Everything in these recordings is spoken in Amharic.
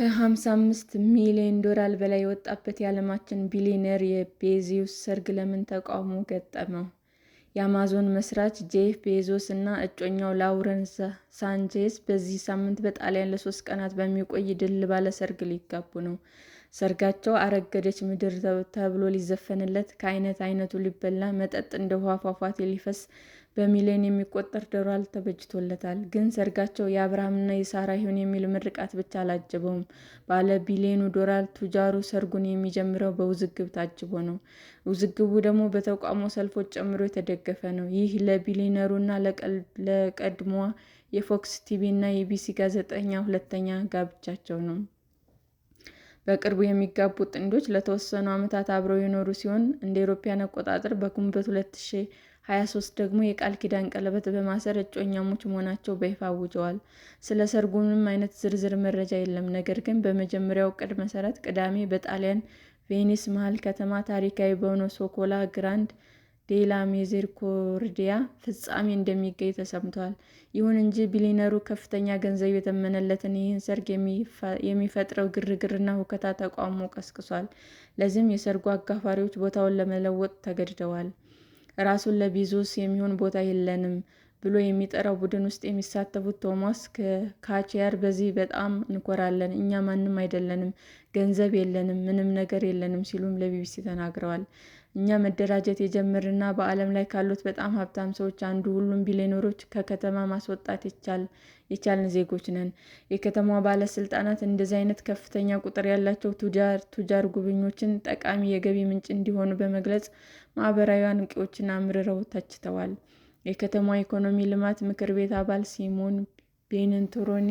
ከ55 ሚሊዮን ዶላር በላይ የወጣበት የዓለማችን ቢሊዮነር የቤዚዩስ ሰርግ ለምን ተቃውሞ ገጠመው? የአማዞን መስራች ጄፍ ቤዞስ እና እጮኛው ላውረን ሳንቼዝ በዚህ ሳምንት በጣሊያን ለሶስት ቀናት በሚቆይ ድል ባለ ሰርግ ሊጋቡ ነው። ሰርጋቸው አረገደች ምድር ተብሎ ሊዘፈንለት፣ ከዓይነት አይነቱ ሊበላ፣ መጠጥ እንደ ውሃ ፏፏቴ ሊፈስ በሚሊዮን የሚቆጠር ዶላር ተበጅቶለታል። ግን ሰርጋቸው የአብርሃምና የሳራ ይሁን የሚል ምርቃት ብቻ አላጀበውም። ባለ ቢሊዮኑ ዶላር ቱጃሩ ሰርጉን የሚጀምረው በውዝግብ ታጅቦ ነው። ውዝግቡ ደግሞ በተቃውሞ ሰልፎች ጨምሮ የተደገፈ ነው። ይህ ለቢሊዮነሩና ለቀድሞዋ የፎክስ ቲቪ እና የቢሲ ጋዜጠኛ ሁለተኛ ጋብቻቸው ነው። በቅርቡ የሚጋቡ ጥንዶች ለተወሰኑ ዓመታት አብረው የኖሩ ሲሆን እንደ አውሮፓውያን አቆጣጠር በግንቦት 23 ደግሞ የቃል ኪዳን ቀለበት በማሰር እጮኛሞች መሆናቸው በይፋ አውጀዋል። ስለ ሰርጉ ምንም አይነት ዝርዝር መረጃ የለም። ነገር ግን በመጀመሪያው ዕቅድ መሰረት ቅዳሜ በጣሊያን ቬኒስ መሃል ከተማ ታሪካዊ በሆነው ሶኮላ ግራንድ ዴላ ሚዜሪኮርዲያ ፍጻሜ እንደሚገኝ ተሰምቷል። ይሁን እንጂ ቢሊነሩ ከፍተኛ ገንዘብ የተመነለትን ይህን ሰርግ የሚፈጥረው ግርግርና ሁከታ ተቃውሞ ቀስቅሷል። ለዚህም የሰርጉ አጋፋሪዎች ቦታውን ለመለወጥ ተገድደዋል። ራሱን ለቢዞስ የሚሆን ቦታ የለንም ብሎ የሚጠራው ቡድን ውስጥ የሚሳተፉት ቶማስ ካችየር በዚህ በጣም እንኮራለን፣ እኛ ማንም አይደለንም፣ ገንዘብ የለንም፣ ምንም ነገር የለንም ሲሉም ለቢቢሲ ተናግረዋል። እኛ መደራጀት የጀመርና በዓለም ላይ ካሉት በጣም ሀብታም ሰዎች አንዱ ሁሉም ቢሊዮነሮች ከከተማ ማስወጣት የቻልን ዜጎች ነን። የከተማዋ ባለስልጣናት እንደዚህ አይነት ከፍተኛ ቁጥር ያላቸው ቱጃር ጉብኞችን ጠቃሚ የገቢ ምንጭ እንዲሆኑ በመግለጽ ማህበራዊ አንቂዎችን አምርረው ተችተዋል። የከተማዋ ኢኮኖሚ ልማት ምክር ቤት አባል ሲሞን ቤንንቶሮኒ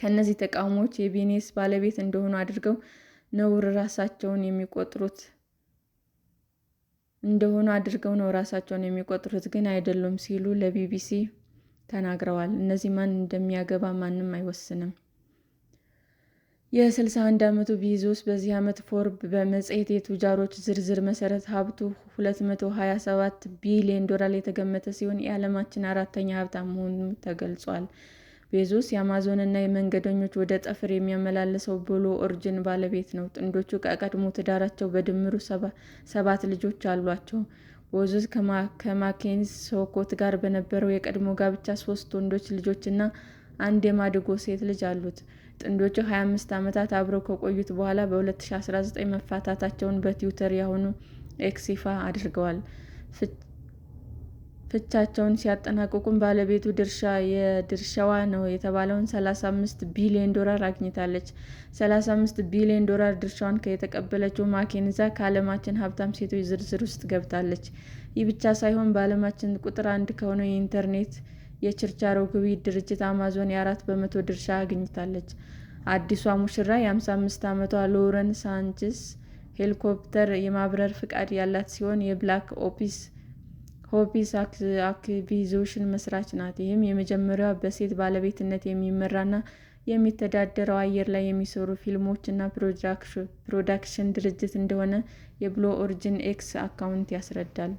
ከእነዚህ ተቃውሞዎች የቢዝነስ ባለቤት እንደሆኑ አድርገው ነውር ራሳቸውን የሚቆጥሩት እንደሆኑ አድርገው ነው ራሳቸውን የሚቆጥሩት፣ ግን አይደሉም ሲሉ ለቢቢሲ ተናግረዋል። እነዚህ ማን እንደሚያገባ ማንም አይወስንም። የ61 ዓመቱ ቢዞስ በዚህ ዓመት ፎርብ በመጽሔት የቱጃሮች ዝርዝር መሰረት ሀብቱ 227 ቢሊዮን ዶላር የተገመተ ሲሆን የዓለማችን አራተኛ ሀብታም መሆኑ ተገልጿል። ቤዞስ የአማዞንና የመንገደኞች ወደ ጠፈር የሚያመላልሰው ብሉ ኦርጅን ባለቤት ነው። ጥንዶቹ ከቀድሞ ትዳራቸው በድምሩ ሰባት ልጆች አሏቸው። ቤዞስ ከማኬንዝ ሶኮት ጋር በነበረው የቀድሞ ጋብቻ ሶስት ወንዶች ልጆችና አንድ የማድጎ ሴት ልጅ አሉት። ጥንዶቹ 25 ዓመታት አብረው ከቆዩት በኋላ በ2019 መፋታታቸውን በትዊተር ያሁኑ ኤክስ ይፋ አድርገዋል። ፍቻቸውን ሲያጠናቅቁም ባለቤቱ ድርሻ የድርሻዋ ነው የተባለውን 35 ቢሊዮን ዶላር አግኝታለች። 35 ቢሊዮን ዶላር ድርሻዋን ከየተቀበለችው ማኬንዛ ከዓለማችን ሀብታም ሴቶች ዝርዝር ውስጥ ገብታለች። ይህ ብቻ ሳይሆን በዓለማችን ቁጥር አንድ ከሆነው የኢንተርኔት የችርቻሮ ግብይት ድርጅት አማዞን የአራት በመቶ ድርሻ አግኝታለች። አዲሷ ሙሽራ የ55 ዓመቷ ሎረን ሳንችስ ሄሊኮፕተር የማብረር ፍቃድ ያላት ሲሆን የብላክ ኦፒስ ሆፒስ አክቪዚሽን መስራች ናት። ይህም የመጀመሪያዋ በሴት ባለቤትነት የሚመራና የሚተዳደረው አየር ላይ የሚሰሩ ፊልሞች እና ፕሮዳክሽን ድርጅት እንደሆነ የብሉ ኦሪጂን ኤክስ አካውንት ያስረዳል።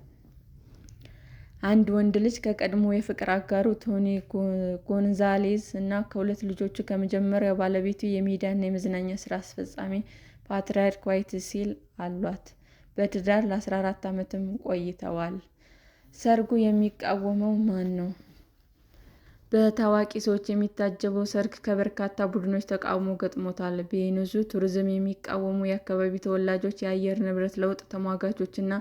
አንድ ወንድ ልጅ ከቀድሞ የፍቅር አጋሩ ቶኒ ጎንዛሌዝ እና ከሁለት ልጆቹ ከመጀመሪያው ባለቤቱ የሚዲያና የመዝናኛ ስራ አስፈጻሚ ፓትሪያርክ ዋይት ሲል አሏት። በትዳር ለ14 ዓመትም ቆይተዋል። ሰርጉ የሚቃወመው ማን ነው? በታዋቂ ሰዎች የሚታጀበው ሰርግ ከበርካታ ቡድኖች ተቃውሞ ገጥሞታል። ቤንዙ ቱሪዝም የሚቃወሙ የአካባቢ ተወላጆች፣ የአየር ንብረት ለውጥ ተሟጋቾች እና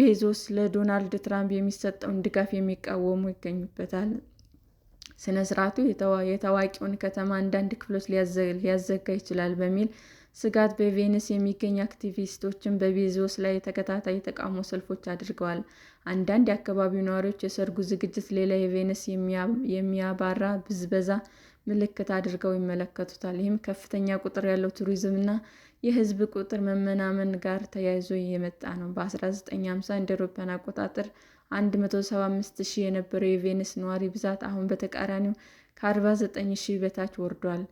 ቤዞስ ለዶናልድ ትራምፕ የሚሰጠውን ድጋፍ የሚቃወሙ ይገኙበታል። ሥነ የታዋቂውን ከተማ አንዳንድ ክፍሎች ሊያዘጋ ይችላል በሚል ስጋት በቬኒስ የሚገኙ አክቲቪስቶችን በቤዞስ ላይ ተከታታይ የተቃውሞ ሰልፎች አድርገዋል። አንዳንድ የአካባቢው ነዋሪዎች የሰርጉ ዝግጅት ሌላ የቬኒስ የሚያባራ ብዝበዛ ምልክት አድርገው ይመለከቱታል። ይህም ከፍተኛ ቁጥር ያለው ቱሪዝም እና የሕዝብ ቁጥር መመናመን ጋር ተያይዞ የመጣ ነው። በ1950 እንደ አውሮፓውያን አቆጣጠር 175,000 የነበረው የቬኒስ ነዋሪ ብዛት አሁን በተቃራኒው ከ49,000 በታች ወርዷል።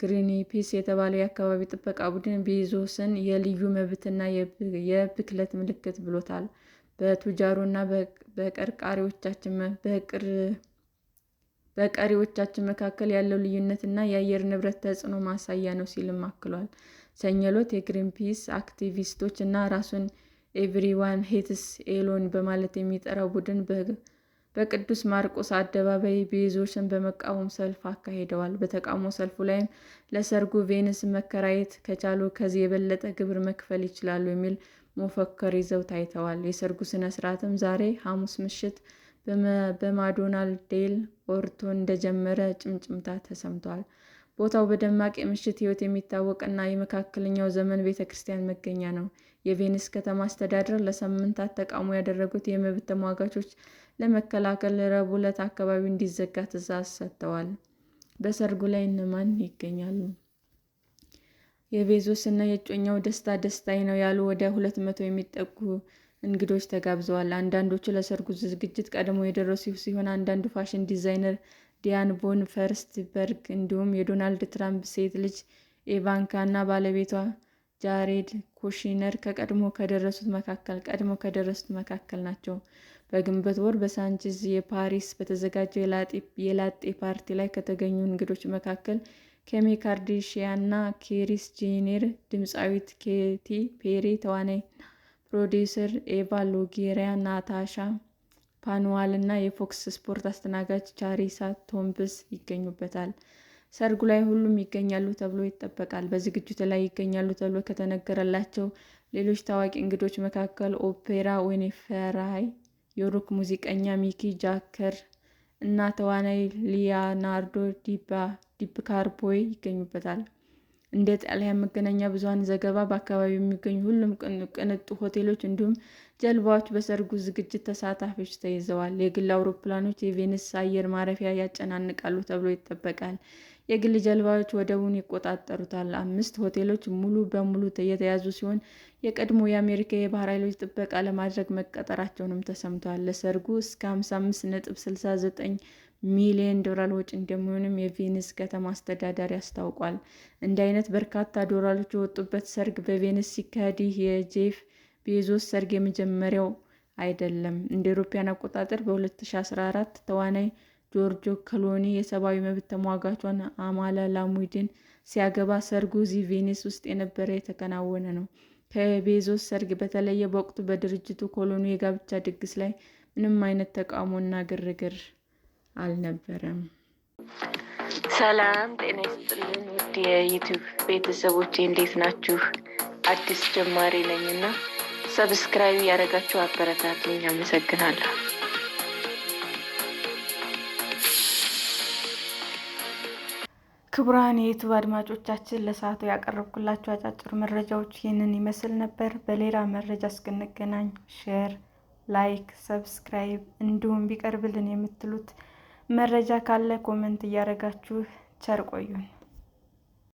ግሪንፒስ የተባለው የአካባቢ ጥበቃ ቡድን ቤዞስን የልዩ መብትና የብክለት ምልክት ብሎታል። በቱጃሩ እና በቀሪዎቻችን መካከል ያለው ልዩነት እና የአየር ንብረት ተጽዕኖ ማሳያ ነው ሲልም አክሏል። ሰኞ ዕለት የግሪንፒስ አክቲቪስቶች እና ራሱን ኤቭሪዋን ሄትስ ኤሎን በማለት የሚጠራው ቡድን በቅዱስ ማርቆስ አደባባይ ቤዞችን በመቃወም ሰልፍ አካሂደዋል። በተቃውሞ ሰልፉ ላይም ለሰርጉ ቬንስ መከራየት ከቻሉ ከዚህ የበለጠ ግብር መክፈል ይችላሉ የሚል መፈክር ይዘው ታይተዋል። የሰርጉ ሥነ ሥርዓትም ዛሬ ሐሙስ ምሽት በማዶናል ዴል ኦርቶ እንደጀመረ ጭምጭምታ ተሰምቷል። ቦታው በደማቅ የምሽት ሕይወት የሚታወቅና የመካከለኛው ዘመን ቤተ ክርስቲያን መገኛ ነው። የቬንስ ከተማ አስተዳደር ለሳምንታት ተቃውሞ ያደረጉት የመብት ተሟጋቾች ለመከላከል ረቡዕ ዕለት አካባቢው እንዲዘጋ ትዕዛዝ ሰጥተዋል። በሰርጉ ላይ እነማን ይገኛሉ? የቤዞስ እና የእጮኛው ደስታ ደስታዬ ነው ያሉ ወደ ሁለት መቶ የሚጠጉ እንግዶች ተጋብዘዋል። አንዳንዶቹ ለሰርጉ ዝግጅት ቀድሞ የደረሱ ሲሆን አንዳንዱ ፋሽን ዲዛይነር ዲያን ቮን ፈርስትበርግ እንዲሁም የዶናልድ ትራምፕ ሴት ልጅ ኢቫንካ እና ባለቤቷ ጃሬድ ኩሽነር ከቀድሞ ከደረሱት መካከል ቀድሞ ከደረሱት መካከል ናቸው። በግንቦት ወር በሳንቼዝ የፓሪስ በተዘጋጀው የላጤ ፓርቲ ላይ ከተገኙ እንግዶች መካከል ኪም ካርዳሺያንና ኬሪስ ጄነር፣ ድምፃዊት ኬቲ ፔሪ፣ ተዋናይና ፕሮዲውሰር ኤቫ ሎጌሪያ፣ ናታሻ ፓንዋል እና የፎክስ ስፖርት አስተናጋጅ ቻሪሳ ቶምብስ ይገኙበታል። ሰርጉ ላይ ሁሉም ይገኛሉ ተብሎ ይጠበቃል። በዝግጅቱ ላይ ይገኛሉ ተብሎ ከተነገረላቸው ሌሎች ታዋቂ እንግዶች መካከል ኦፔራ ዊንፍሬይ የሮክ ሙዚቀኛ ሚክ ጃከር እና ተዋናይ ሊያናርዶ ዲካፕሪዮ ይገኙበታል። እንደ ጣሊያን መገናኛ ብዙኃን ዘገባ፣ በአካባቢው የሚገኙ ሁሉም ቅንጡ ሆቴሎች እንዲሁም ጀልባዎች በሠርጉ ዝግጅት ተሳታፊዎች ተይዘዋል። የግል አውሮፕላኖች የቬኒስ አየር ማረፊያ ያጨናንቃሉ ተብሎ ይጠበቃል። የግል ጀልባዎች ወደቡን ይቆጣጠሩታል። አምስት ሆቴሎች ሙሉ በሙሉ የተያዙ ሲሆን የቀድሞ የአሜሪካ የባህር ኃይሎች ጥበቃ ለማድረግ መቀጠራቸውንም ተሰምቷል። ለሰርጉ እስከ 55.69 ሚሊዮን ዶላር ወጪ እንደሚሆንም የቬኒስ ከተማ አስተዳዳሪ አስታውቋል። እንዲህ አይነት በርካታ ዶላሮች የወጡበት ሰርግ በቬኒስ ሲካሄድ ይህ የጄፍ ቤዞስ ሰርግ የመጀመሪያው አይደለም። እንደ አውሮፓውያን አቆጣጠር በ2014 ተዋናይ ጆርጆ ክሎኒ የሰብአዊ መብት ተሟጋቿን አማላ ላሙዲን ሲያገባ ሰርጉ እዚህ ቬኒስ ውስጥ የነበረ የተከናወነ ነው። ከቤዞስ ሰርግ በተለየ በወቅቱ በድርጅቱ ኮሎኒ የጋብቻ ድግስ ላይ ምንም አይነት ተቃውሞና ግርግር አልነበረም። ሰላም ጤና ይስጥልን ውድ የዩቱብ ቤተሰቦች እንዴት ናችሁ? አዲስ ጀማሪ ነኝና ሰብስክራይብ ያደረጋችሁ አበረታቱኝ። አመሰግናለሁ። ክቡራን የዩቱብ አድማጮቻችን ለሰዓቱ ያቀረብኩላቸው አጫጭር መረጃዎች ይህንን ይመስል ነበር። በሌላ መረጃ እስክንገናኝ ሼር፣ ላይክ፣ ሰብስክራይብ እንዲሁም ቢቀርብልን የምትሉት መረጃ ካለ ኮመንት እያደረጋችሁ ቸር ቆዩን።